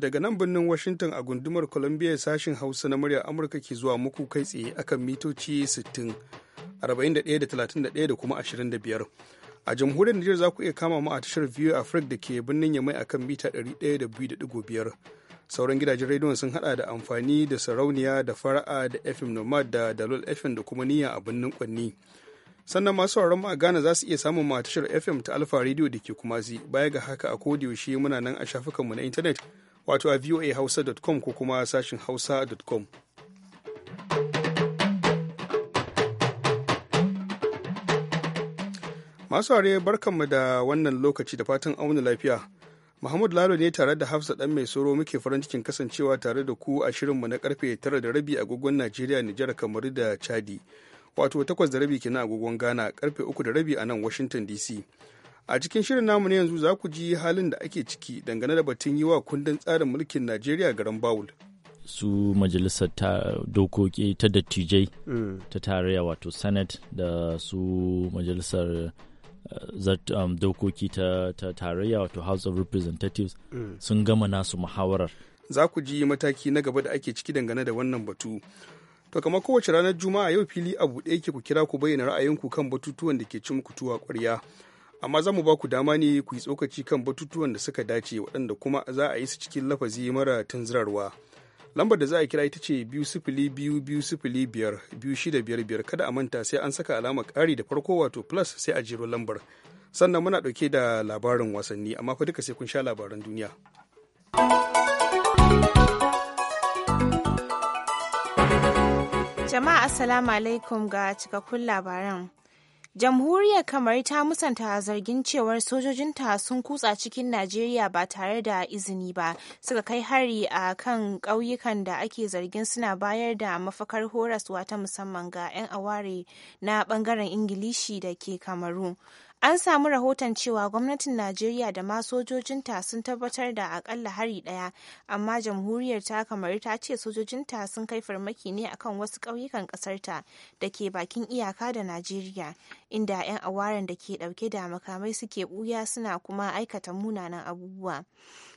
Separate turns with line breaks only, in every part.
daga nan birnin Washington a gundumar Columbia sashen Hausa na muryar Amurka ke zuwa muku kai tsaye akan mitoci 60, 41 da 31 da kuma 25. A jamhuriyar Nijar za ku iya kama mu a tashar View Africa da ke birnin Yamai akan mita 102.5. Sauran gidajen rediyon sun hada da amfani da sarauniya da fara'a da FM Nomad da Dalol FM da kuma niyya a birnin Kwanni. sannan masu a Ghana za su iya samun matashar tashar FM ta Alfa Radio da ke Kumasi baya ga haka a yaushe muna nan a shafukanmu na intanet wato a voahausa.com ko kuma sashin hausa.com. Masu ware barkanmu da wannan lokaci da fatan auna lafiya. Muhammadu Lalo ne tare da Hafsa ɗan mai soro muke farin cikin kasancewa tare da ku a shirinmu na karfe tara da rabi agogon Najeriya, Nijar, Kamaru da Chadi. Wato takwas da rabi kenan agogon Ghana, karfe uku da rabi a nan Washington DC. A cikin shirin namu na yanzu za ku ji halin da ake ciki dangane da batun yi wa kundin tsarin mulkin Najeriya garin Bawul.
Su majalisar dokoki ta dattijai mm. ta tarayya wato Senate da su majalisar eh, um, dokoki ta tarayya wato House of Representatives mm. sun gama nasu muhawarar.
Za ku ji mataki na gaba da ake ciki dangane da wannan batu. To kama kowace ranar Juma'a yau fili a buɗe ke ku kira ku bayyana ra'ayinku kan batutuwan da ke cin kutuwa tuwa ƙwarya. amma za mu ba ku dama ne ku yi tsokaci kan batutuwan da suka dace waɗanda kuma za a yi su cikin lafazi mara tunzirarwa lambar da za a kira ita ce biyu sifili biyu biyu sifili biyar biyu shida biyar biyar kada a manta sai an saka alamar ƙari da farko wato plus sai a jero lambar sannan muna ɗauke da labarin wasanni amma fa duka sai kun sha labaran duniya
jama'a assalamu alaikum ga cikakkun labaran jamhuriyar kamar ta musanta zargin cewar sojojinta sun kutsa cikin najeriya ba tare da izini ba suka kai hari a kan ƙauyukan da ake zargin suna bayar da mafakar horaswa ta musamman ga 'yan aware na ɓangaren ingilishi da ke kamaru An samu rahoton cewa gwamnatin Najeriya da ma sojojinta sun tabbatar da akalla hari ɗaya, amma jamhuriyar ta kamar ta ce sojojinta sun kai farmaki ne akan wasu ƙauyukan ƙasarta da ke bakin iyaka da Najeriya, inda 'yan awaren da ke ɗauke da makamai suke ɓuya suna kuma aikata munanan abubuwa.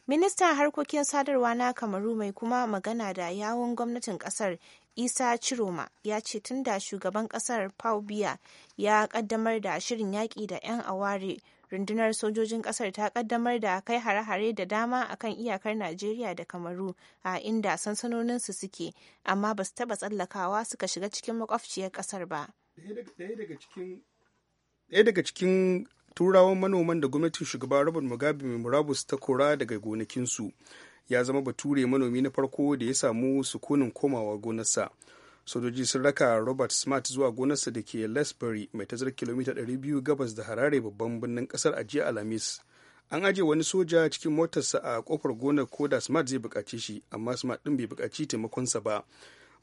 Ministan harkokin sadarwa na Kamaru mai kuma magana da yawon gwamnatin kasar Isa Chiroma ya ce tun da shugaban kasar Pau Biya ya kaddamar da shirin yaƙi da 'yan aware rundunar sojojin kasar ta kaddamar da kai hare-hare da dama a kan iyakar Najeriya da Kamaru a inda sansanoninsu suke amma ba su taɓa tsallakawa suka shiga cikin makwabciyar kasar ba.
Ɗaya daga cikin turawan manoman da gwamnatin shugaba robert mugabe mai murabus ta kora daga gonakinsu ya zama bature manomi na farko da ya samu sukunin komawa gonarsa sojoji sun raka robert smart zuwa gonarsa da ke lesbury mai tazar kilomita 200 gabas da harare babban birnin kasar ajiya alhamis an aje wani soja cikin motarsa a kofar gonar ko da smart zai bukaci shi amma smart din bai bukaci taimakonsa ba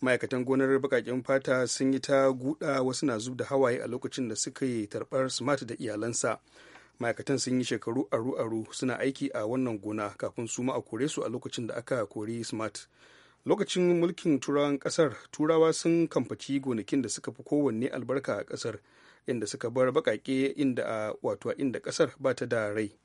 ma'aikatan gonar bakakin fata sun yi ta guda wasu na zub da hawaye a lokacin da suka yi tarbar smart da iyalansa ma'aikatan sun yi shekaru aru-aru suna aiki a wannan gona kafin su ma a kore su a lokacin da aka kori smart lokacin mulkin turawan kasar turawa sun kamfaci gonakin da suka fi kowanne albarka a kasar inda suka bar bakake inda a wato inda kasar ba ta da rai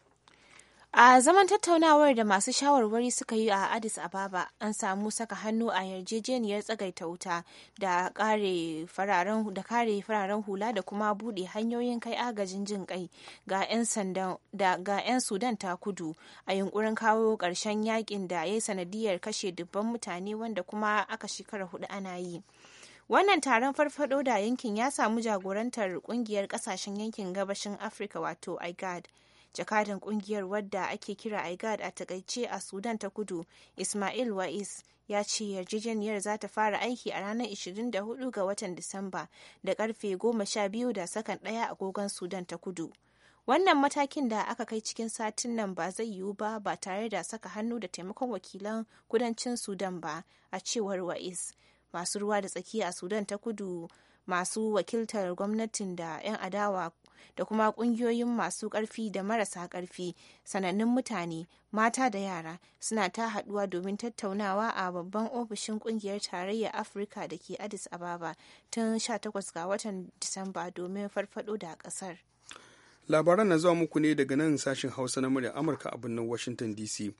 A zaman tattaunawar da masu shawarwari suka yi a Addis Ababa, an samu saka hannu a yarjejeniyar tsagaita wuta da kare fararen hula da kuma buɗe hanyoyin kai agajin jin kai ga 'yan Sudan ta kudu a yunkurin kawo ƙarshen yakin da ya yi sanadiyar kashe dubban mutane wanda kuma aka shekara hudu ana yi. wannan taron farfado da yankin ya samu jagorantar kungiyar kasashen yankin gabashin afirka wato igad jakadan kungiyar wadda ake kira igad a takaice a sudan ta kudu ismail wa'is ya ce yarjejeniyar za ta fara aiki a ranar 24 ga watan disamba da karfe 12 da sakan daya agogon sudan ta kudu wannan matakin da aka kai cikin satin nan ba zai yiwu ba ba tare da saka hannu da taimakon wakilan kudancin sudan ba a cewar wa'is masu ruwa da tsaki a sudan ta kudu masu wakiltar gwamnatin da 'yan adawa da kuma kungiyoyin masu karfi da marasa karfi sanannun mutane mata da yara suna ta haduwa domin tattaunawa a babban ofishin kungiyar tarayyar afirka da ke addis ababa tun 18 ga watan disamba domin farfado da kasar
labaran na zuwa muku ne daga nan sashen hausa na murya amurka a birnin washington dc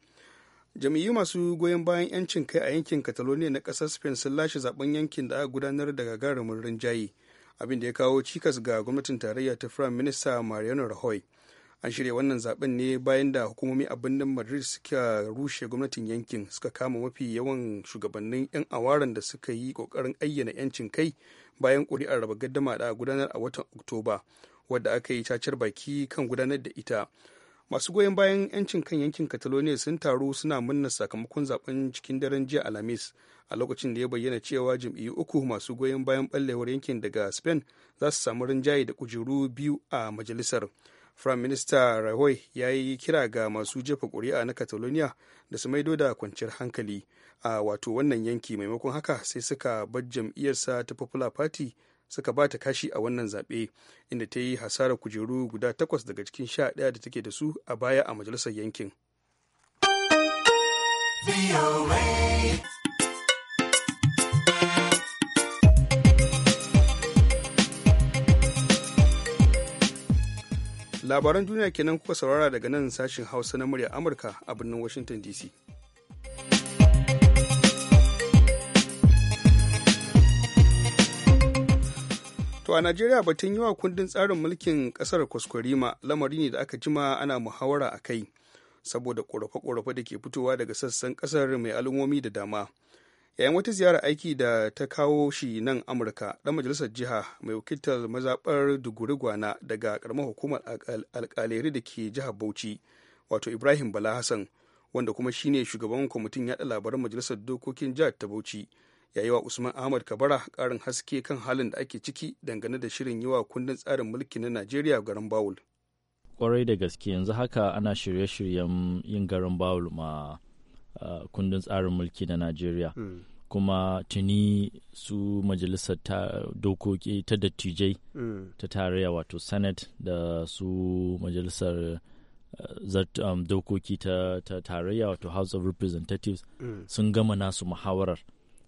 jam'iyyu masu goyon bayan yancin kai a yankin catalonia na kasar spain sun lashe zaben yankin da aka gudanar da gagarumin rinjaye abin da ya kawo cikas ga gwamnatin tarayya ta firayim minista mariano rahoy an shirya wannan zaben ne bayan da hukumomi a birnin madrid suka rushe gwamnatin yankin suka kama mafi yawan shugabannin 'yan awaran da suka yi kokarin ayyana 'yancin kai bayan kuri'ar raba gaddama da gudanar a watan oktoba wadda aka yi cacar baki kan gudanar da ita masu goyon bayan 'yancin kan yankin catalonia sun taru suna munna sakamakon zaben cikin daren jiya alhamis a lokacin da ya bayyana cewa jam'iyyu uku masu goyon bayan ɓallewar yankin daga spain za su samu rinjaye da kujeru biyu a majalisar prime minister rahoy ya yi kira ga masu jefa ƙuri'a na catalonia da su maido da kwanciyar hankali a wato wannan yanki maimakon haka sai suka bar jam'iyyarsa ta popular party suka ba ta kashi a wannan zaɓe inda ta yi hasarar kujeru guda takwas daga cikin sha ɗaya da take da su a baya a majalisar yankin. Labaran duniya kenan kuka saurara daga nan sashin Hausa na murya Amurka a birnin Washington DC. To a Najeriya batun yi wa kundin tsarin mulkin kasar kwaskwarima lamari ne da aka jima ana muhawara a kai saboda korafe korafe da ke fitowa daga sassan kasar mai al'ummomi da dama. Yayin wata ziyara aiki da ta kawo shi nan Amurka, ɗan majalisar jiha mai wakiltar mazaɓar Dugurigwana daga ƙaramar hukumar alƙaleri da ke jihar Bauchi, wato Ibrahim Bala Hassan, wanda kuma shine shugaban kwamitin yaɗa labaran majalisar dokokin jihar ta Bauchi. ya yi wa usman ahmad kabara karin haske kan halin da ake ciki dangane da shirin yi wa kundin tsarin mulki na najeriya garin bawul
kwarai da gaske yanzu haka ana shirye-shiryen yin garin bawul ma kundin tsarin mulki na najeriya hmm. kuma tuni su majalisar dokoki ta dattijai hmm. ta tarayya wato senate da su majalisar um, dokoki ta tarayya wato house of representatives hmm. sun gama nasu muhawarar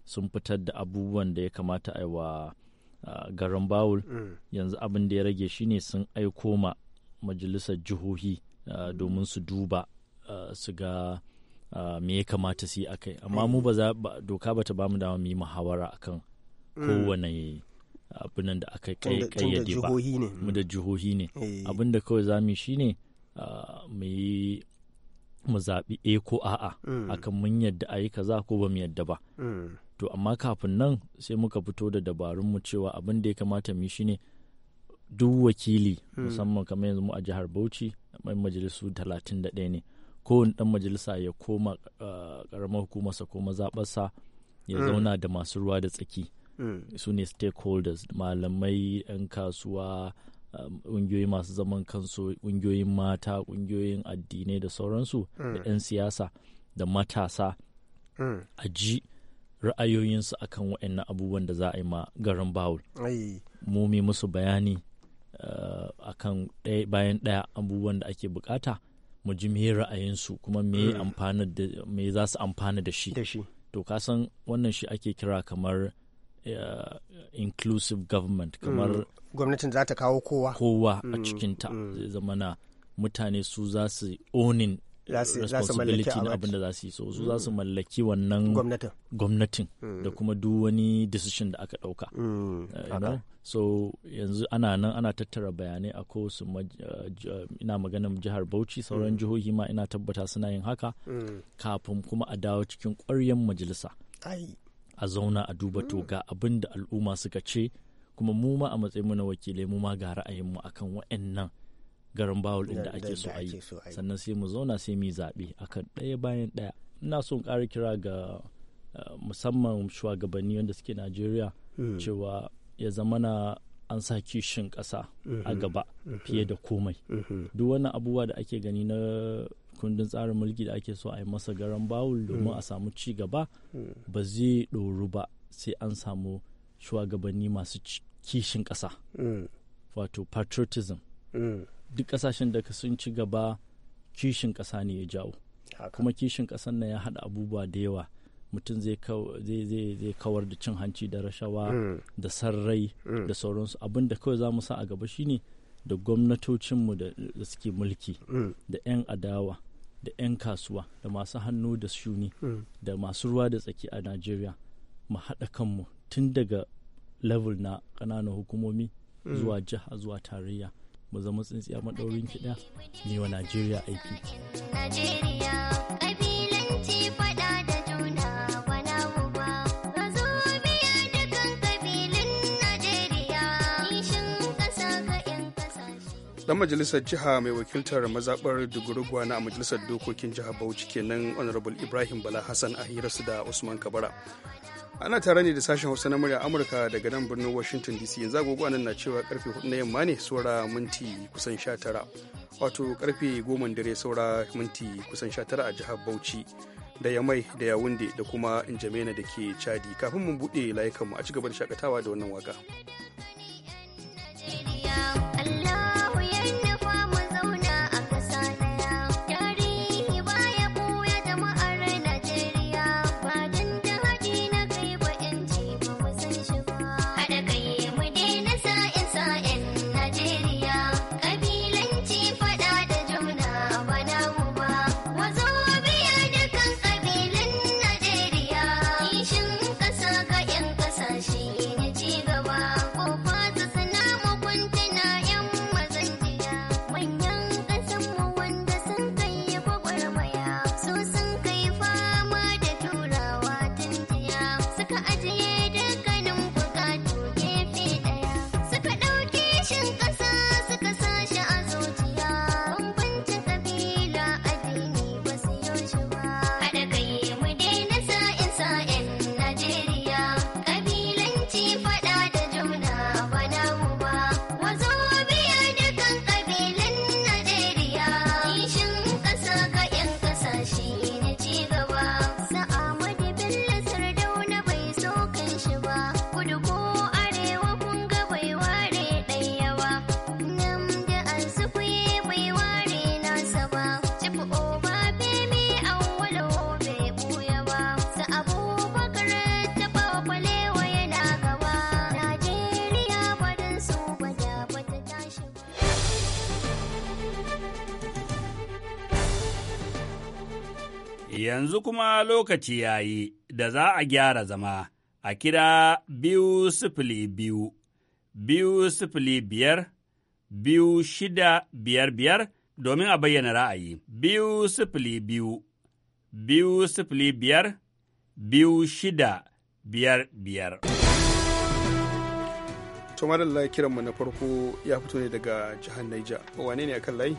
sun fitar da abubuwan da ya kamata a yi wa garin bawul mm. yanzu abin da ya rage shine sun aiko ma majalisar jihohi domin su duba su ga me ya kamata su yi a kai amma mu ba za doka ba ta ba mu dama mu yi muhawara kan. Mm. kowane abinan da aka kayyade ba mu da jihohi ne eh. abin da kawai za mu shi ne mu yi mu zaɓi eko eh ko a'a mm. akan mun yadda a yi kaza ko ba mu yadda ba to amma kafin nan sai muka fito da dabarun mu cewa abin da ya kamata mu shine duk wakili hmm. musamman kamar yanzu mu a jihar bauchi mai majalisu 31 ne ko dan majalisa ya koma karamar ah, hukumarsa ko mazaɓarsa ya hmm. zauna da masu ruwa da tsaki hmm. su ne stakeholders malamai 'yan kasuwa um, ƙungiyoyi masu zaman kansu ƙungiyoyin mata ƙungiyoyin addinai da sauransu da 'yan siyasa da matasa a ji ra'ayoyinsu akan waɗannan abubuwan da za a yi ma garin bawul mu mi musu bayani uh, akan ɗaya bayan ɗaya abubuwan da ake bukata mu ji me ra'ayinsu kuma me mm. me za su amfana da shi to kasan wannan shi ake kira kamar eh, inclusive government mm. kamar
gwamnatin za ta kawo kowa kowa a mm.
cikinta zai zamana mutane su za su onin za su mallaki abin da za su yi so su za su mm. mallaki wannan gwamnatin mm. da kuma duk wani decision da aka ɗauka mm. uh, so yanzu ana nan ana tattara bayanai a kowace uh, ina maganin jihar bauchi sauran jihohi ma ina tabbata suna yin haka kafin kuma a dawo cikin ƙwaryen majalisa a zauna a duba to ga abin da al'umma suka ce kuma mu ma a matsayin mu na wakilai mu ma ga ra'ayinmu akan waɗannan garin bawul inda ake so a sannan sai mu zauna sai mu yi zaɓe akan ɗaya bayan ɗaya ina son ƙara kira ga eh, musamman shugabanni wanda suke najeriya mm. cewa ya zama na an sa kishin ƙasa a mm-hmm. gaba mm-hmm. fiye da komai mm-hmm. duk wani abubuwa da ake gani na kundin tsarin mulki da ake so a yi masa garan bawul domin mm. a samu ci gaba mm. ba zai ɗoru ba sai an samu shugabanni masu kishin ƙasa wato patriotism duk kasashen da sun ci gaba kishin ƙasa ne ya jawo kuma kishin ƙasan nan ya haɗa abubuwa da yawa mutum zai kawar da cin hanci da rashawa mm. da sarrai mm. da sauransu abin da kawai za mu sa a gaba shine da gwamnatocinmu da suke mulki mm. da 'yan adawa da 'yan kasuwa da masu hannu da shuni da masu ruwa da tsaki a najeriya mu haɗa kanmu tun daga level na ƙananan hukumomi zuwa jiha zuwa tarayya mu zama tsintsiya maɗaurin kiɗa ne wa najeriya aiki
dan majalisar jiha mai wakiltar Mazaɓar dugurugwa na majalisar dokokin jihar bauchi kenan honorable ibrahim bala hassan a hirarsu da usman kabara ana tare ne da sashen hausa na murya amurka daga nan birnin washington dc yanzu agogo nan na cewa karfe 4 na yamma ne saura minti kusan 19 wato karfe 10 dare saura minti kusan 19 a jihar bauchi da yamai da yawunde da kuma injamena da ke chadi kafin mun buɗe layukanmu a ci gaba da shakatawa da wannan waka.
yanzu kuma lokaci ya yi da za a gyara zama a kira biyu sifili biyu, biyu sifili biyar, biyu shida biyar biyar domin a bayyana ra'ayi, biyu sifili biyu, biyu sifili biyar, biyu shida biyar biyar.
Tumarin kiranmu na farko ya fito ne daga jihar Naija, wane ne a kan layi?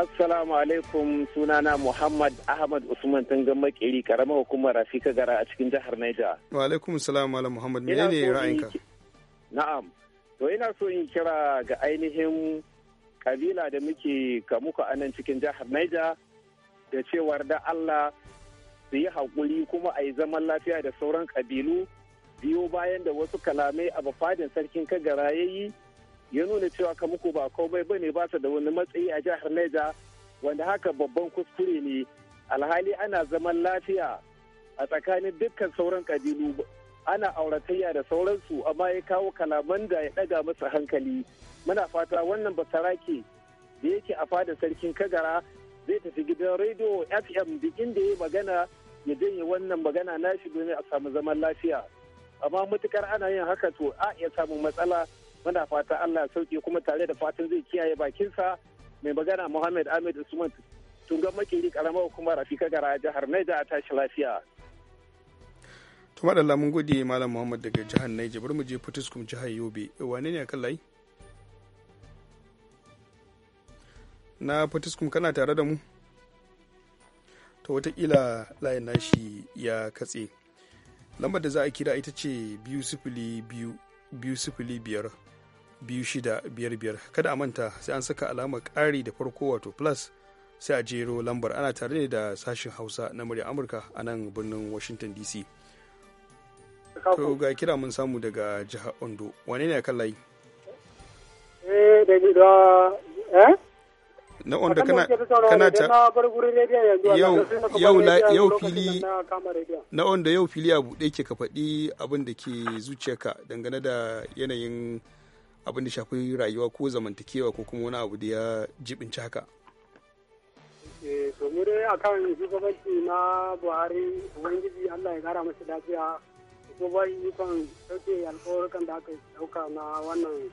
Assalamu alaikum sunana Muhammad Ahmad Usman Tangan Makeri karamar hukumar Rafika Gara a cikin jihar Niger. Wa
alaikum salam ala Muhammad ne ra'ayinka?
Na'am. To ina so in kira ga ainihin kabila da muke kamuka a nan cikin jihar Niger da cewar da Allah su yi haƙuri kuma a yi zaman lafiya da sauran kabilu biyo bayan da wasu kalamai a bafadin sarkin kagara ya yi ya nuna cewa kamuku ba komai bane ba ta da wani matsayi a jihar Neja wanda haka babban kuskure ne alhali ana zaman lafiya a tsakanin dukkan sauran kabilu ana auratayya da sauransu amma ya kawo kalaman da ya daga masa hankali muna fata wannan basarake da yake a fada sarkin kagara zai tafi gidan rediyo fm duk inda ya magana ya janye wannan magana nashi domin a samu zaman lafiya amma matukar ana yin haka to a iya samu matsala muna fata Allah sauke kuma tare da fatan zai kiyaye bakinsa mai magana Muhammad Ahmed Usman tungan makeri karamar hukumar Rafika Gara jihar Niger a tashi lafiya.
To madalla mun gode Malam Muhammad daga jihar Niger bari mu je Fatiskum jihar Yobe wane ne akan layi? Na Fatiskum kana tare da mu? To watakila layin nashi ya katse. Lambar da za a kira ita ce biyu sifili biyu biyu sifili biyar biyu shida biyar biyar kada a manta sai an saka alamar ƙari da farko wato plus sai a jero lambar ana tare ne da sashen hausa na murya amurka a nan birnin washington dc to ga kira mun samu daga jihar ondo wane ne kan layi
eh da
na wanda kana kana ta
yau yau yau fili
na wanda yau fili a buɗe ke ka faɗi abin da ke zuciyarka dangane da yanayin abin da shafi rayuwa ko zamantakewa ko kuma wani abu da ya jibinci haka
eh to mu dai akan shugabanci na Buhari ubangiji Allah ya gara masa lafiya ko bai yi kan sauke alƙawarin da aka dauka na wannan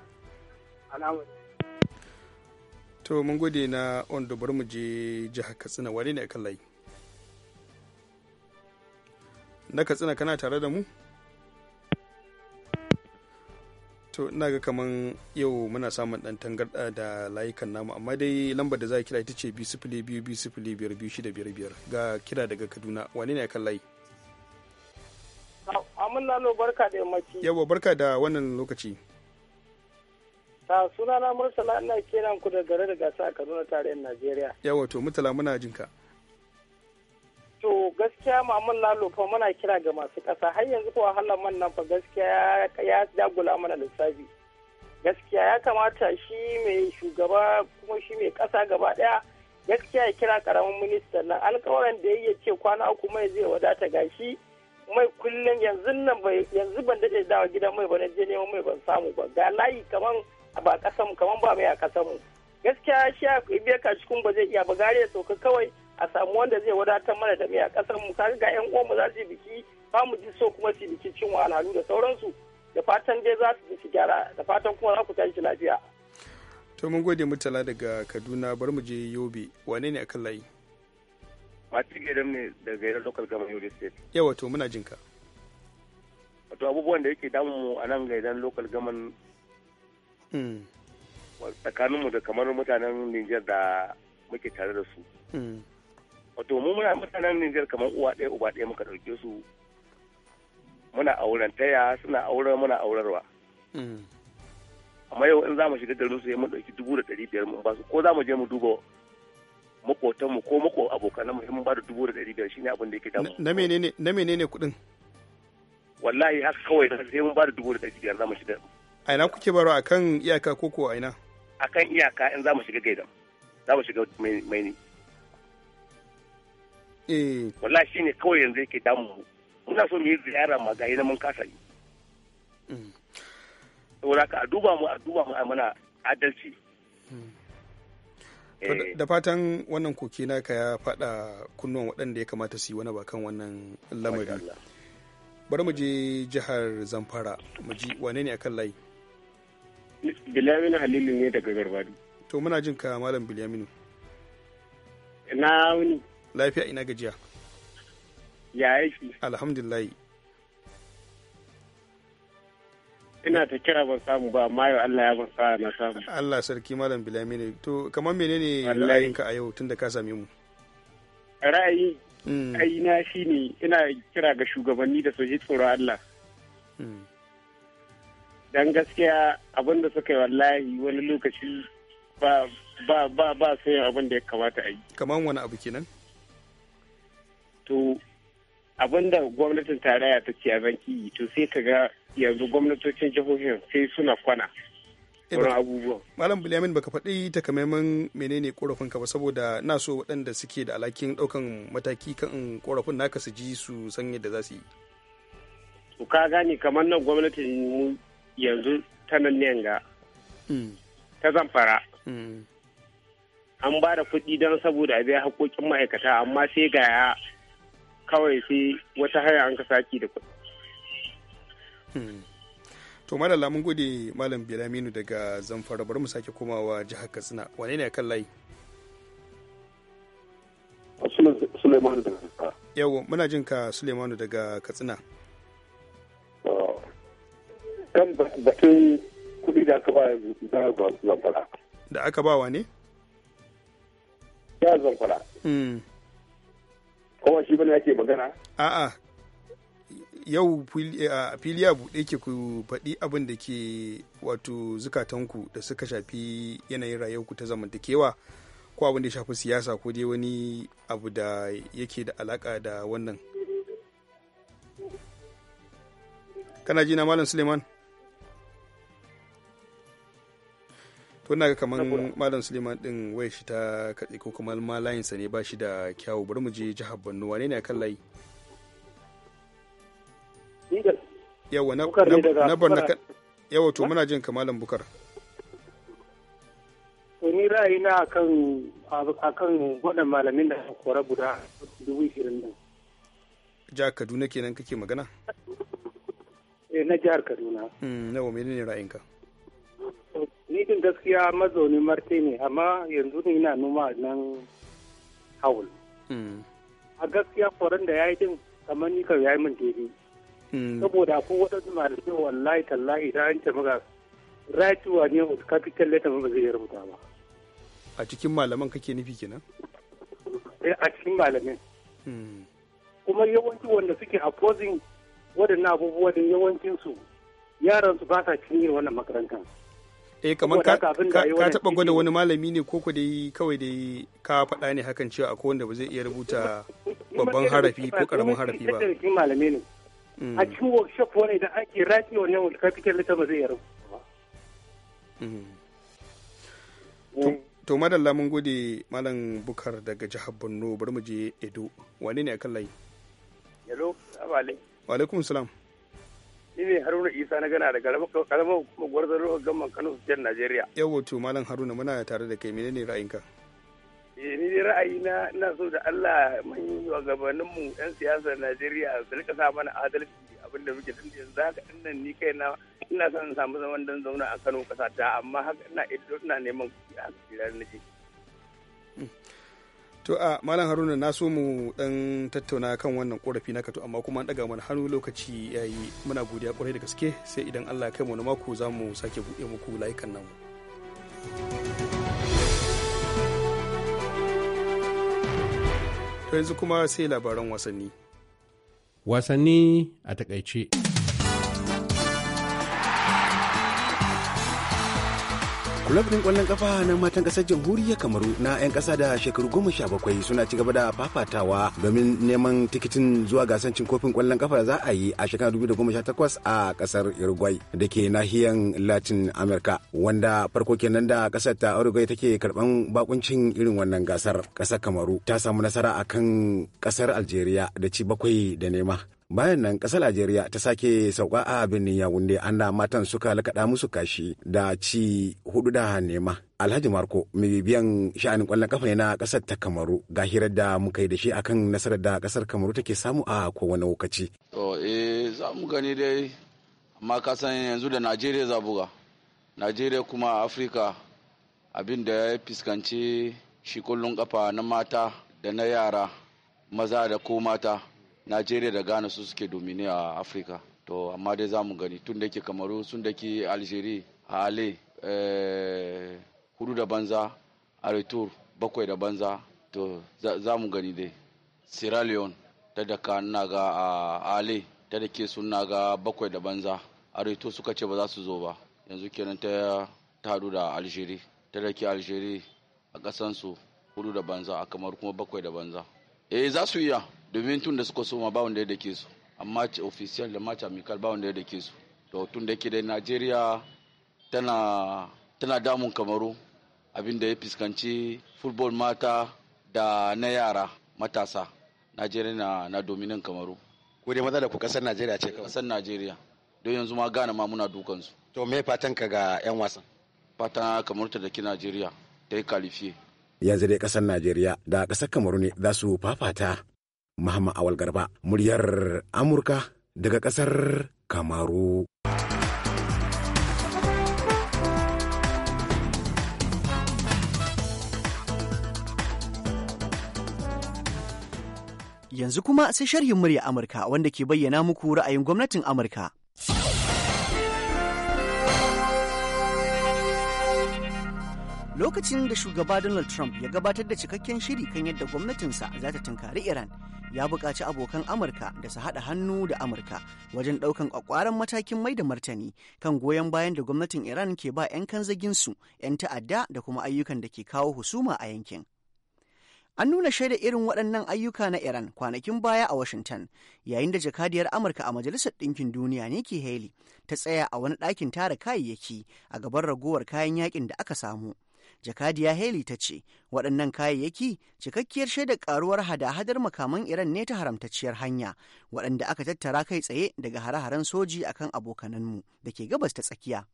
al'amari
to mun gode na on bari mu je jiha katsina wani ne akan layi na katsina kana tare da mu to ina ga kaman yau muna samun dan tangarda da layukan namu amma dai lambar da za a kira ita ce 2 biyu 2 biyar biyu shida biyar biyar ga kira daga kaduna wani ne akan layi
amin lalo barka da yammaci yawa
barka da wannan lokaci
Ta sunana Murtala ina kiran ku da gare da gasa a Kaduna tarihin Najeriya.
Yawa to Murtala muna jin ka.
To gaskiya Mamun Lalo fa muna kira ga masu kasa har yanzu ko wahalar man nan fa gaskiya ya dagula mana lissafi. Gaskiya ya kamata shi mai shugaba kuma shi mai ƙasa gaba ɗaya gaskiya ya kira karamin ministan na alƙawarin da ya ce kwana uku mai zai wadata gashi mai kullum yanzu nan yanzu ban daɗe dawa gidan mai ba na je neman mai ban samu ba ga layi kamar. ba kasan kaman ba mai a kasan mu gaskiya shi a ibeka cikin ba zai iya ba gare ya sauka kawai a samu wanda zai wadatar mana da mai a kasan mu kaga ga yan uwa mu za su yi biki ba mu ji so kuma su biki cin wahalhalu da sauransu da fatan dai za su ji su gyara da fatan kuma za ku tashi lafiya
to mun gode mutala daga kaduna bar mu je yobe wane ne akan layi
mati gidan ne daga yadda local government yobe state
yawa to muna jinka
wato abubuwan da yake damu a nan ga idan local government tsakaninmu da kamar mutanen Nijar da muke tare da su. Wato mu muna mutanen Nijar kamar uwa ɗaya uba ɗaya muka ɗauke su muna auren taya suna auren muna aurarwa. Amma yau in za mu shiga garin su mun ɗauki dubu da ɗari biyar mun ba su ko za mu je mu duba makotanmu ko mako abokan mu mun ba da dubu da ɗari biyar shine abin da yake damu.
Na menene na menene kuɗin?
Wallahi haka kawai sai mun ba da dubu da ɗari biyar za mu shiga
a ina kuke baro a kan iyaka ko a ina
a kan iyaka in za mu shiga gaida za mu shiga mai ni eh ne kawai yanzu yake damu mu muna so mu yi ziyara ma ga na mun kasa yi mm. saboda ka a duba mu a duba mu a mana adalci mm. eh.
da fatan wannan koke naka ya fada kunnuwan waɗanda ya kamata su yi wani bakan wannan lamari bari mu je jihar zamfara mu ji wane ne akan layi
Bilaminu Halilu ne daga Garbadu.
To muna jin ka Malam Bilaminu. Na wuni. Lafiya ina gajiya. Ya aiki. Alhamdulillah.
Ina ta kira ban samu ba amma yau Allah ya ban sa na samu.
Allah sarki Malam Bilaminu. To kamar menene ra'ayinka a yau tunda ka same mu?
Ra'ayi hmm. shi ne, ina kira ga shugabanni da su tsoron Allah. Hmm. dan gaskiya abin da suka yi wallahi wani lokaci ba ba ba ba sai abin da ya kamata a yi
kaman wani abu kenan
to abin da gwamnatin tarayya ta ce a to sai ka ga yanzu gwamnatocin jihohin sai suna kwana sauran eh, abubuwan
malam Bilamin baka faɗi takamaiman menene korafin ka ba saboda na so waɗanda suke da alhakin ɗaukan mataki kan korafin naka su ji su san yadda za su yi
to ka gane kamar nan gwamnatin yanzu ta nan ga mm. ta zamfara mm. an ba da kuɗi don saboda a biya haƙoƙin ma'aikata amma sai ga ya kawai sai wata haya an ka saki da kuɗi.
Mm. to madalla mun gode malam bilaminu daga zamfara bari mu sake komawa jihar katsina wane ne kan layi muna jin ka suleimanu daga katsina
kan batun kudi da aka ba zamfara.
Da aka ba wa ne? Ya zamfara. Hmm.
Kowa shi bane yake magana?
A'a. Yau fili eh, a buɗe ke ku faɗi abin da ke wato zukatanku da suka shafi yanayin rayuwarku ta zamantakewa ko abin da ya shafi siyasa ko dai wani abu da yake da alaƙa da wannan. Kana ji na Malam Suleiman? to na ga kaman malam suleiman din waya shi ta katse ko kuma ma sa ne ba shi da kyawu bari mu je jihar borno wane ne a kan layi yawa na borno yawa to muna jin kamalan bukar
to ni na akan akan waɗannan malamin da kora guda dubu ishirin nan
jihar kaduna kenan kake magana
eh na jihar kaduna na
hmm, yawa menene ra'ayinka
ni gaskiya mazaunin marte ne amma yanzu ne ina noma nan haul hmm. a gaskiya foran da ya yi din kamar ni kawai ya yi min daidai hmm. saboda ko wata ke wallahi tallahi da an jama'a rajuwa ne with kalle letter ba zai rubuta ba
a cikin malaman kake nufi kenan
eh, a cikin malamin hmm. kuma yawanci wanda suke opposing waɗannan abubuwa da yawancinsu yaransu ba sa cikin wannan makarantar
eh kamar ka taba gwada wani malami ne koko dai kawai dai ka faɗa ne hakan cewa akwai wanda ba zai iya rubuta babban harafi ko karamin harafi ba mm. a cikin
workshop wani idan ake rafi wannan wani kafikin lita ba zai iya rubuta ba mm. eh.
to madalla mun gode malam bukar daga jihar borno bari mu je edo wane ne akan layi
hello wa alaikum salam ni ne haruna isa na gana da karamar gwarzon ruwan gamman kano su jan najeriya
yawo to malam haruna muna tare da kai menene ra'ayinka
eh ni dai ra'ayi na ina so da allah yi wa mu yan siyasar najeriya su rika sa mana adalci abinda muke tun yanzu haka din nan ni kai na ina son in samu zaman dan zauna a kano kasata amma haka ina ina neman kuɗi a cikin na nake
hmm. to a malam haruna na so mu dan tattauna kan wannan korafi naka to amma kuma an daga mana hannu lokaci yayi muna godiya kwarai da gaske sai idan Allah kai mu na mako za mu sake buɗe muku layukan namu to yanzu kuma sai labaran wasanni
wasanni a takaice Kulab din kwallon kafa na matan kasar jamhuriya Kamaru na 'yan kasa da shekaru goma sha bakwai suna ci gaba da fafatawa domin neman tikitin zuwa gasar cin kofin kwallon kafa da za a yi a shekarar takwas a kasar Uruguay da ke nahiyan Latin America wanda farko kenan da ƙasar ta Uruguay take karɓan bakuncin irin wannan gasar. Ƙasar Kamaru ta samu nasara akan kasar Algeria da ci bakwai da nema bayan nan ƙasar Najeriya ta sake sauka a birnin Yawunde da matan suka lakaɗa musu kashi da ci hudu da nema. Alhaji Marko mai bibiyan sha'anin ƙwallon kafa ne na ƙasar ta Kamaru ga hirar da muka yi da shi akan nasarar da ƙasar Kamaru take samu a kowane lokaci. To eh za mu gani dai amma ka san yanzu da Najeriya za buga. Najeriya kuma Afirka abin da ya fuskanci shi kullun kafa na mata da na yara maza da ko mata. najeriya da ghana su suke domine a afirka to amma dai za mu gani tun da ke kamaru sun da ke algeria a ale eh, hudu da banza a bakwai da banza to za mu gani dai sierra leone ta daga na ga a ale ta da ke sun na ga bakwai da banza a suka ce ba za su zo ba yanzu kenan ta hadu da algeria ta da ke algeria a kasansu hudu da banza a kamar kuma bakwai da banza eh za su iya domin tun da suka soma ba wanda ya dake su amma official da match amical ba wanda ya dake su to tun da yake da Najeriya tana tana damun kamaru abin da ya fuskanci football mata da na yara matasa Najeriya na, na dominin kamaru ko dai da ku kasar Najeriya ce kawai kasar Najeriya don yanzu ma gane ma muna dukan su to me fatan ka ga yan wasan fata kamar ta daki Najeriya ta yi kalifiye yanzu dai kasar Najeriya da kasar Kamaru ne za su fafata Muhammad Awal Garba, muryar Amurka daga ƙasar Kamaru.
Yanzu kuma sai sharhin murya Amurka wanda ke bayyana muku ra'ayin gwamnatin Amurka. lokacin da shugaba donald trump ya gabatar da cikakken shiri kan yadda gwamnatinsa za ta tunkari iran ya buƙaci abokan amurka da su haɗa hannu da amurka wajen ɗaukan ƙwaƙwaran matakin mai da martani kan goyon bayan da gwamnatin iran ke ba 'yan kanzaginsu 'yan ta'adda da kuma ayyukan da ke kawo husuma a yankin An nuna shaida irin waɗannan ayyuka na Iran kwanakin baya a Washington, yayin da jakadiyar Amurka a Majalisar Ɗinkin Duniya Nikki Haley ta tsaya a wani ɗakin tara kayayyaki a gaban ragowar kayan yakin da aka samu. jakadiya haley ta ce waɗannan kayayyaki cikakkiyar shaida karuwar hada-hadar makaman iran ne ta haramtacciyar hanya waɗanda aka tattara kai tsaye daga hare-haren soji akan abokananmu da ke gabas ta tsakiya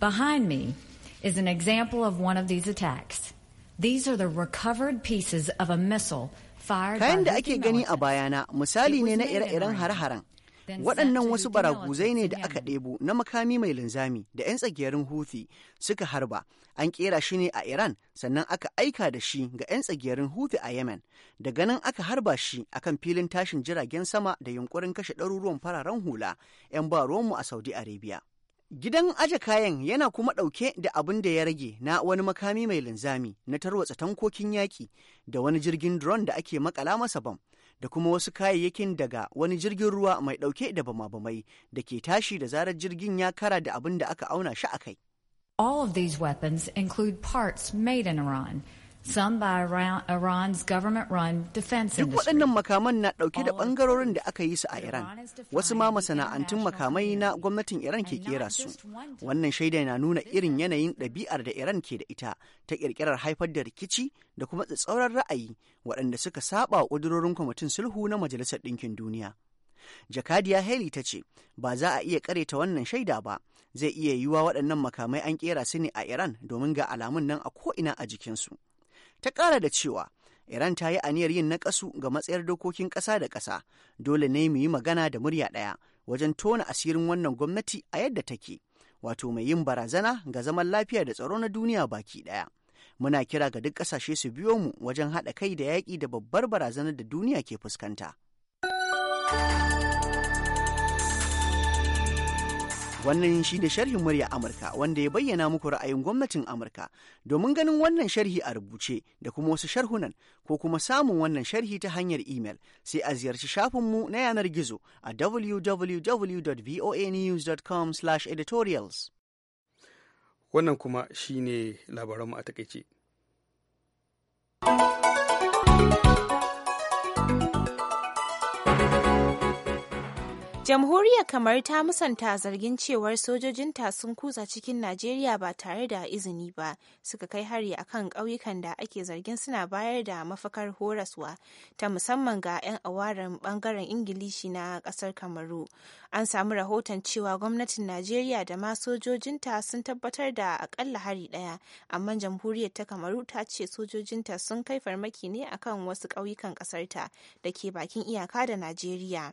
behind me
is an example of one of these attacks these are the recovered pieces of a missile Kayan da ake gani a
bayana misali ne na ire-iren har-haren Waɗannan wasu baraguzai ne da aka ɗebo na makami mai linzami da 'yan tsagiyarin Houthi suka harba. An ƙera shi ne a Iran sannan aka aika da shi ga 'yan tsagiyarin Houthi a Yemen. da ganin aka harba shi akan filin tashin jiragen sama da yunkurin kashe ɗaruruwan fararen hula 'yan ba mu a Saudi Arabia. Gidan aje kayan yana kuma ɗauke da abin da ya rage na wani makami mai linzami na tarwatsa tankokin yaƙi da wani jirgin drone da ake makala masa bam. da kuma wasu kayayyakin daga wani jirgin ruwa mai ɗauke da bama-bamai da ke tashi da zarar jirgin ya kara da abin da aka auna shi a kai. All of these weapons include parts made in Iran some by Iran's government-run defense Duk waɗannan makaman na ɗauke da ɓangarorin da aka yi su a Iran, wasu ma masana'antun makamai na gwamnatin Iran ke kera su. Wannan shaida na nuna irin yanayin ɗabi'ar da Iran ke da ita ta ƙirƙirar haifar da rikici da kuma tsatsauran ra'ayi waɗanda suka saba wa ƙudurorin kwamitin sulhu na Majalisar Ɗinkin Duniya. Jakadiya Haley ta ce, ba za a iya ta wannan shaida ba, zai iya yiwuwa waɗannan makamai an ƙera su ne a Iran domin ga alamun nan a ko'ina a jikinsu. ta ƙara da cewa Iran ta yi aniyar yin naƙasu ga matsayar dokokin ƙasa da ƙasa, dole ne mu yi magana da murya ɗaya wajen tona asirin wannan gwamnati a yadda take, wato mai yin barazana ga zaman lafiya da tsaro na duniya baki ɗaya. Muna kira ga duk ƙasashe su biyo mu wajen haɗa kai da yaƙi da babbar barazanar da duniya ke fuskanta. Wannan shi ne sharhin murya Amurka wanda ya bayyana muku ra'ayin gwamnatin Amurka domin ganin wannan sharhi a rubuce da kuma wasu sharhunan ko kuma samun wannan sharhi ta hanyar imel sai a ziyarci shafinmu na yanar gizo a www.voanews.com/editorials. Wannan kuma shi ne labaranmu a takaice.
jamhuriyar kamar ta musanta zargin cewar sojojinta sun kusa cikin najeriya ba tare da izini ba suka kai hari akan ƙauyukan da ake zargin suna bayar da mafakar horaswa ta musamman ga 'yan awarin bangaren ingilishi na ƙasar kamaru an samu rahoton cewa gwamnatin najeriya da ma sojojinta sun tabbatar da akalla hari ɗaya amma jamhuriyar ta kamaru ta ce sojojinta sun kai farmaki ne akan wasu ƙauyukan ƙasarta da ke bakin iyaka da najeriya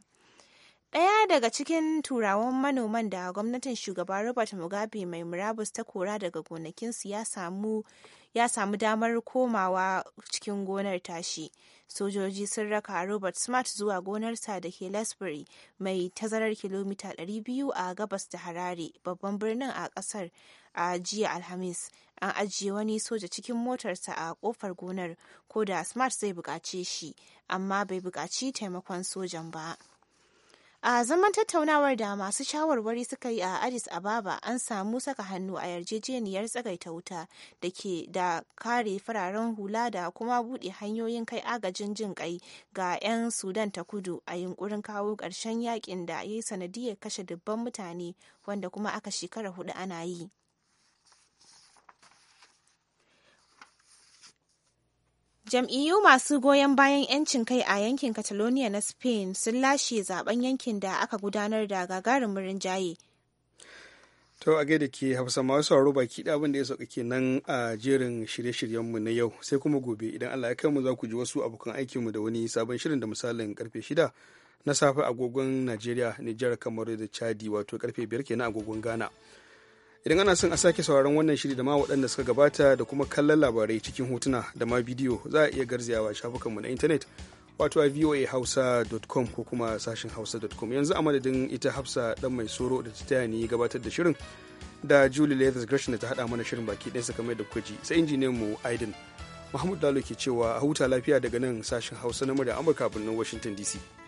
Ɗaya daga cikin turawan manoman da gwamnatin shugaba Robert Mugabe mai murabus ta kora daga gonakinsu ya samu ya samu damar komawa cikin gonar tashi. Sojoji sun raka Robert Smart zuwa gonarsa da ke Lesbury mai tazarar kilomita 200 a gabas da Harare, babban birnin a ƙasar a jiya Alhamis. An ajiye wani soja cikin motarsa a ƙofar gonar, ko da Smart zai buƙace shi, amma bai buƙaci taimakon sojan ba. A zaman tattaunawar da masu shawarwari suka yi a Addis Ababa an samu saka hannu a yarjejeniyar tsagaita wuta da ke da kare fararen hula da kuma buɗe hanyoyin kai agajin jin kai ga 'yan Sudan ta kudu a yunkurin kawo ƙarshen yakin da ya yi sanadiyar kashe dubban mutane wanda kuma aka shekara hudu ana yi. Jam'iyyu masu goyon bayan 'yancin kai a yankin Catalonia na Spain sun lashe zaben yankin da aka gudanar da murin jaye
To a gaida ke hafsa masu sauraro baki da abin da ya sauka ke nan a jerin shirye-shiryenmu na yau sai kuma gobe idan Allah ya kai mu za ku ji wasu abokan mu da wani sabon shirin da misalin karfe shida na safe agogon Najeriya, Nijar, Kamaru da Chadi wato karfe biyar kenan agogon Ghana. idan ana son a sake sauraron wannan shiri da ma waɗanda suka gabata da kuma kallon labarai cikin hotuna da ma bidiyo za a iya garzayawa shafukanmu na intanet wato a voahausa.com ko kuma sashen hausa.com yanzu a madadin ita hafsa dan mai soro da ta taya ni gabatar da shirin da julie leathers gresham da ta haɗa mana shirin baki ɗaya kamar da kwaji sai injiniyan mu aidin mahmud lalo ke cewa a huta lafiya daga nan sashen hausa na murya amurka birnin washington dc